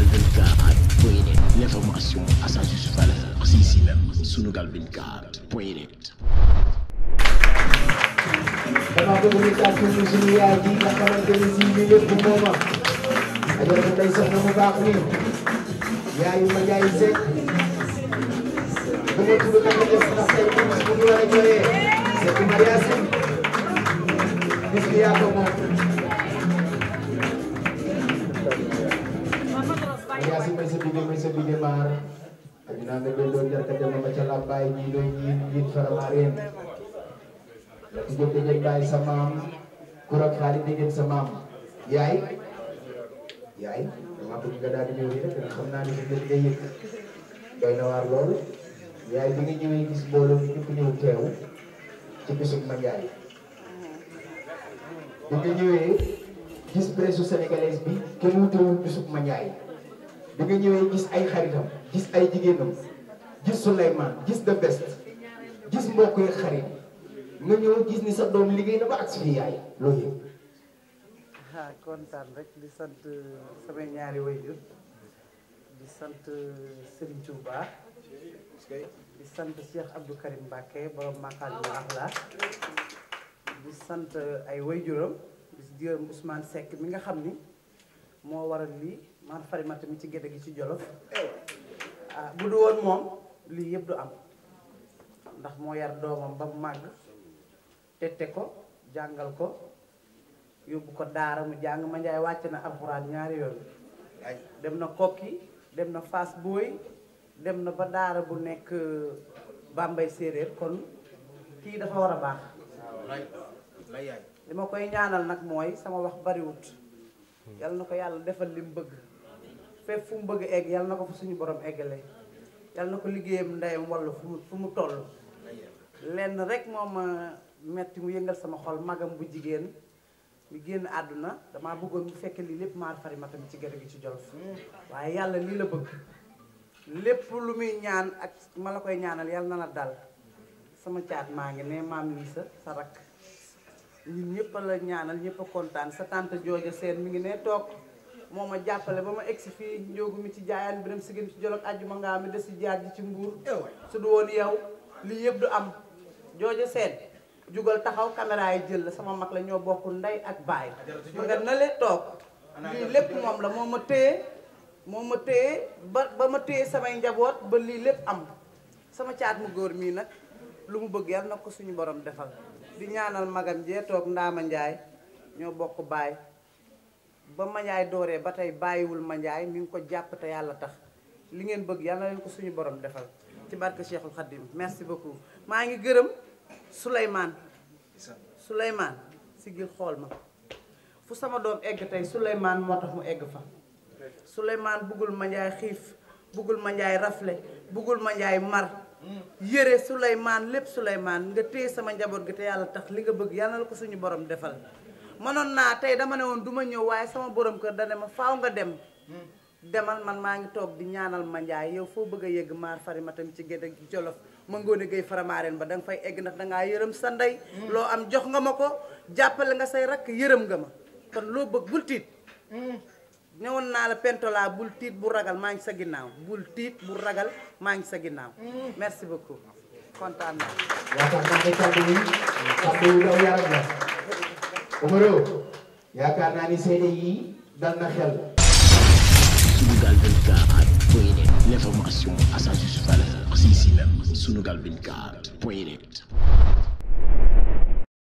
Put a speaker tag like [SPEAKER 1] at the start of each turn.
[SPEAKER 1] Sunugal 24 point net l'information à sa juste valeur c'est ici même Sunugal 24 point net. damaa bëgg ñu taal suñu suñu yaay ji nga xamante ne si lii lépp moom la. ajoor bu tey soxna mu baax nii. yaayu ma jaay seet. bu ma tudd kat la def ndax tey comme si bu ñu war a jëlee. c'est que mariage bi. bis bi yaa ko moom. Yaasin may sa bigé may sa bigé maar ñu naan nga doon doon jarka dem ba ca làbbaay ñii doon ñii ñii faramareen la ti jël dégg bàyyi sa maam kurak xaalis dégg sa maam yaay yaay dama bëgg nga daal di ñëw yi rek xam naa ne dégg nga yëg doy na waar lool yaay bi nga ñëwee gis mbooloo bi ñëpp ñëw teew ci bisub ma yaay bi nga ñëwee gis presse sénégalaise bi kenn wutewul bisub ma yaay bi nga ñëwee gis ay xaritam gis ay jigéenam gis Souleymane gis de best gis mbokk yi xarit nga ñëw gis ni sa doom liggéey na ba ak suñu yaay loolu yëpp. ah kontaan rek di sant euh, samay ñaari wayjur di sant euh, Serigne Touba di sant Cheikh Abdou Karim Mbacké borom Makaarimul Axlaaq di sant euh, ay wayjuram di gërëm Ousmane Seck mi nga xam ni. moo waral lii man farima tamit ci gédé gi ci jolof ah bu du woon moom lii yëpp du am ndax moo yar doomam ba mu màgg tette ko jàngal ko yóbbu ko daara mu jàng ma njaay wàcc na alxuraan ñaari yoon dem na kokki dem na fas booy dem na ba daara bu nekk euh, bambay séeréer kon kii dafa war a baax li ma koy ñaanal nag mooy sama wax bariwut yal na ko yàlla defal li mu bëgg fépp fu mu bëgg egg yal na ko fa suñu borom eggale yal na ko liggéeyam ndeyam walla fu mu fu mu toll lenn rek moom metti mu yëngal sama xol magam bu jigéen mi génn àdduna damaa bëggoon bu fekkee lii lépp maa farima ci gerte gi ci Jolof waaye yàlla lii la bëgg lépp lu muy ñaan ak ma la koy ñaanal yàlla na la dal sama caat maa ngi ne maam lii sa sa rakk ñun ñëpp la ñaanal ñëpp kontaan sa tante jooja seen mi ngi ne toog moo ma jàppale ba ma egsi fii njóogu mi ci jaayaan biram sigin ci jolog ajjuma ngaa mi des ci jaar ji ci mbuur eh su du woon yow lii yëpp du am jooja seen jugal taxaw caméra yi jël la sama mag la ñoo bokk ndey ak baay ah, ma nga na le toog lii lépp moom la moo ma téye moo ma téye ba ba ma téye samay njaboot ba lii lépp am sama caat mu góor mii nag lu mu bëggee yàlla na ko suñu borom defal di ñaanal magam jee toog Ndaama Njaay ñoo bokk baay ba ma Njaay dooree ba tey bàyyiwul ma Njaay mi ngi ko jàpp te yàlla tax li ngeen bëgg yàlla leen ko suñu borom defal ci barke Cheikhul Khadim merci beaucoup maa ngi gërëm Souleymane Souleymane siggil xool ma fu sama doom egg tey Souleymane moo tax mu egg fa Souleymane buggul ma Njaay xiif bëggul ma Njaay rafle buggul ma Njaay mar yére Souleymane lépp Souleymane nga téye sama njaboot gi te yàlla tax li nga bëgg yàlla ko suñu borom defal mënoon naa tey dama ne woon du ma ñëw waaye sama borom kër da ne ma faaw nga dem demal man maa ngi toog di ñaanal ma njaay yow foo bëgg a yegg maar fari ma tam ci gi jolof ma ngoone gay faramaareen ba da nga fay egg ndax dangaa yërëm sa ndey loo am jox nga ma ko jàppale nga say rakk yërëm nga ma kon loo bëgg bul tiit newoon naa la pentola bul tiit bu ragal maa ngi sa ginnaaw bul tiit bu ragal maa ngi sa ginnaaw mm. merci beaucoup kontaan naa yaakaar naa ne kàddu yi kàddu yu daw yaram la Omaro yaakaar naa ni seede yi dal na xel Sunugal 24 point net l'information à sa juste valeur c'est ici même